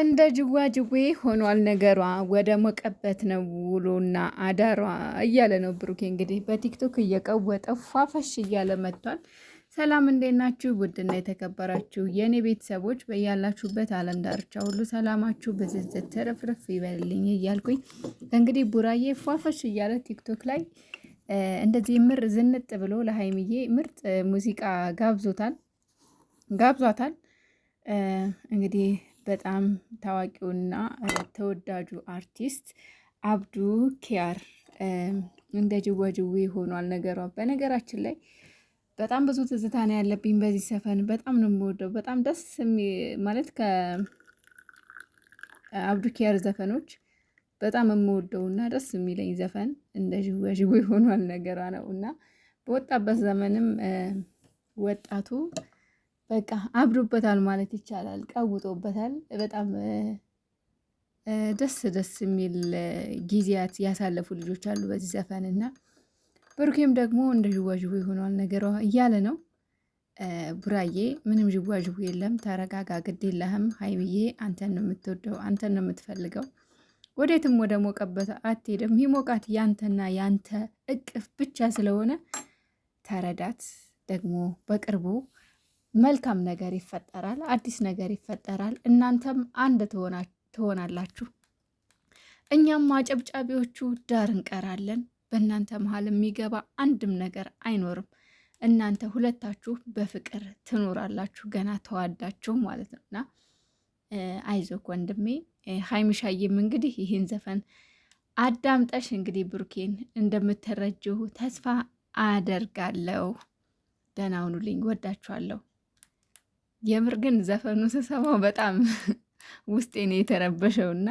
እንደ ጅዋ ጅዌ ሆኗል ነገሯ። ወደ ሞቀበት ነው ውሎና አዳሯ እያለ ነው ብሩኬ። እንግዲህ በቲክቶክ እየቀወጠ ፏፈሽ እያለ መጥቷል። ሰላም እንዴት ናችሁ? ውድና የተከበራችሁ የእኔ ቤተሰቦች በያላችሁበት ዓለም ዳርቻ ሁሉ ሰላማችሁ ብዝዝት ትርፍርፍ ይበልልኝ እያልኩኝ እንግዲህ ቡራዬ ፏፈሽ እያለ ቲክቶክ ላይ እንደዚህ ምር ዝንጥ ብሎ ለሀይምዬ ምርጥ ሙዚቃ ጋብዞታል ጋብዟታል እንግዲህ በጣም ታዋቂውና ተወዳጁ አርቲስት አብዱ ኪያር እንደ ጅዋጅዌ ሆኗል ነገሯ። በነገራችን ላይ በጣም ብዙ ትዝታ ነው ያለብኝ በዚህ ዘፈን። በጣም ነው የምወደው። በጣም ደስ ማለት ከአብዱ ኪያር ዘፈኖች በጣም የምወደው እና ደስ የሚለኝ ዘፈን እንደ ጅዋጅዌ ሆኗል ነገሯ ነው እና በወጣበት ዘመንም ወጣቱ በቃ አብዶበታል ማለት ይቻላል። ቀውጦበታል። በጣም ደስ ደስ የሚል ጊዜያት ያሳለፉ ልጆች አሉ በዚህ ዘፈን እና ብሩኬም ደግሞ እንደ ዥዋዥዌ ሆኗል ነገሯ እያለ ነው። ቡራዬ ምንም ዥዋዥዌ የለም፣ ተረጋጋ፣ ግድ የለህም ሀይሚዬ፣ አንተን ነው የምትወደው፣ አንተን ነው የምትፈልገው፣ ወዴትም ወደ ሞቀበት አትሄድም። ሞቃት ያንተና ያንተ እቅፍ ብቻ ስለሆነ ተረዳት። ደግሞ በቅርቡ መልካም ነገር ይፈጠራል፣ አዲስ ነገር ይፈጠራል። እናንተም አንድ ትሆናላችሁ። እኛም አጨብጫቢዎቹ ዳር እንቀራለን። በእናንተ መሀል የሚገባ አንድም ነገር አይኖርም። እናንተ ሁለታችሁ በፍቅር ትኖራላችሁ፣ ገና ተዋዳችሁ ማለት ነው። እና አይዞክ ወንድሜ ሀይሚሻዬም እንግዲህ ይህን ዘፈን አዳምጠሽ እንግዲህ ብሩኬን እንደምትረጅው ተስፋ አደርጋለሁ። ደህና ሁኑልኝ። ወዳችኋለሁ። የምር ግን ዘፈኑ ስሰማው በጣም ውስጤ ነው የተረበሸውና